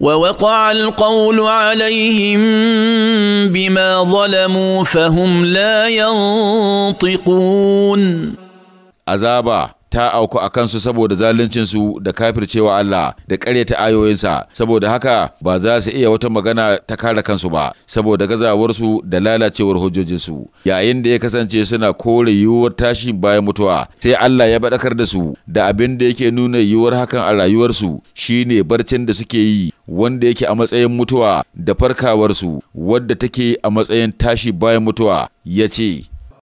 ووقع القول عليهم بما ظلموا فهم لا ينطقون azaba ta auku a kansu saboda zaluncinsu da kafircewa Allah da ƙaryata ayoyinsa saboda haka ba za su iya wata magana ta kare kansu ba saboda gazawarsu da lalacewar hujjojinsu yayin da ya kasance suna kore yiwuwar tashin bayan mutuwa sai Allah ya baɗakar da su da abin da yake nuna yiwuwar hakan a rayuwarsu shine barcin da suke yi wanda yake a matsayin mutuwa da farkawarsu wadda take a matsayin tashi bayan mutuwa ya ce